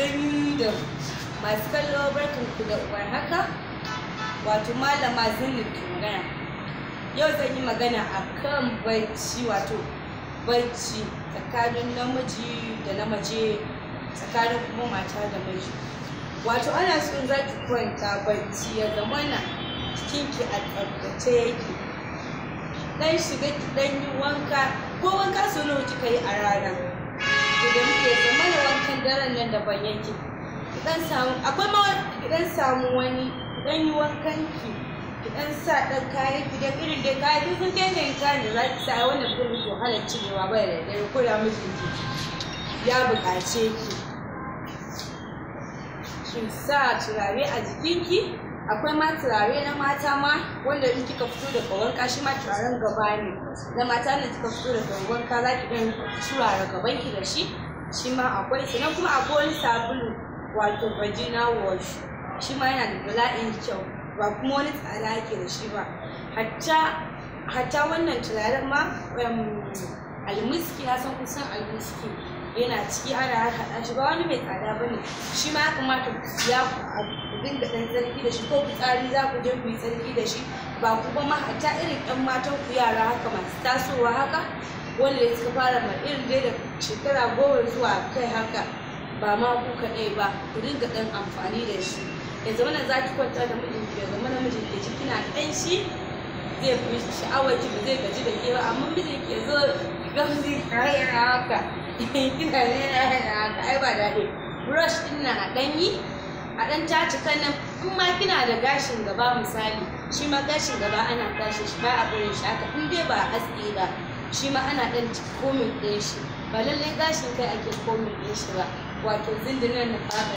zindin masu kallo barkan ku da uwar haka wato malama zindin ke magana yau zan yi magana a kan bacci wato bacci tsakanin namiji da na mace tsakanin kuma mata da miji wato ana son za ki kwanta bacci ya zamana jikinki a tsaftace yake dan shiga ki dan yi wanka ko wanka sau nawa kika yi a rana da muke akan daren nan da ban yake dan samu akwai ma dan samu wani dan yi wankan ki ki dan sa dan kayan ki dan irin da kayan ki sun dai ne kayan da za ki sa wanda ba zai miki wahalar cirewa ba da dare ko da ki ya buƙace ki ki sa turare a jikin ki? akwai ma turare na mata ma wanda in kika fito da kawanka kashi ma turaren gaba ne na mata ne kika fito da kawanka za ki ɗan turare ki da shi shi ma akwai sannan kuma akwai wani sabulu wato vagina wash shi yana da bala'in kyau ba kuma wani tsada yake da shi ba hatta wannan turaren ma almiski na san kusan almiski yana ciki ana haɗa shi ba wani mai tsada ba ne shi ma ya kamata ku siya ku da ɗan tsarki da shi ko fitsari za ku je ku yi tsarki da shi ba kuma ma hatta irin ɗan matan ku yara haka masu tasowa haka wanda ya ta fara ma irin dai da shekara goma zuwa kai haka ba ma ku kaɗai ba ku dinga ɗan amfani da shi ya zama na za ki kwanta da mijinki ya zama na mijinki ya ci kina ɗan shi zai fi sha'awar ki ba zai gaji da ke ba amma mijinki ya zo gamsi kayan haka kina ne haka ai ba daɗi brush ɗin na a yi, a ɗan caci kanan in ma kina da gashin gaba misali shi ma gashin gaba ana tashi shi ba a barin shi haka in dai ba a aske ba shi ma ana ɗan komin ɗin shi ba lallai gashin kai ake komin ɗin shi ba wato zindinan na fara.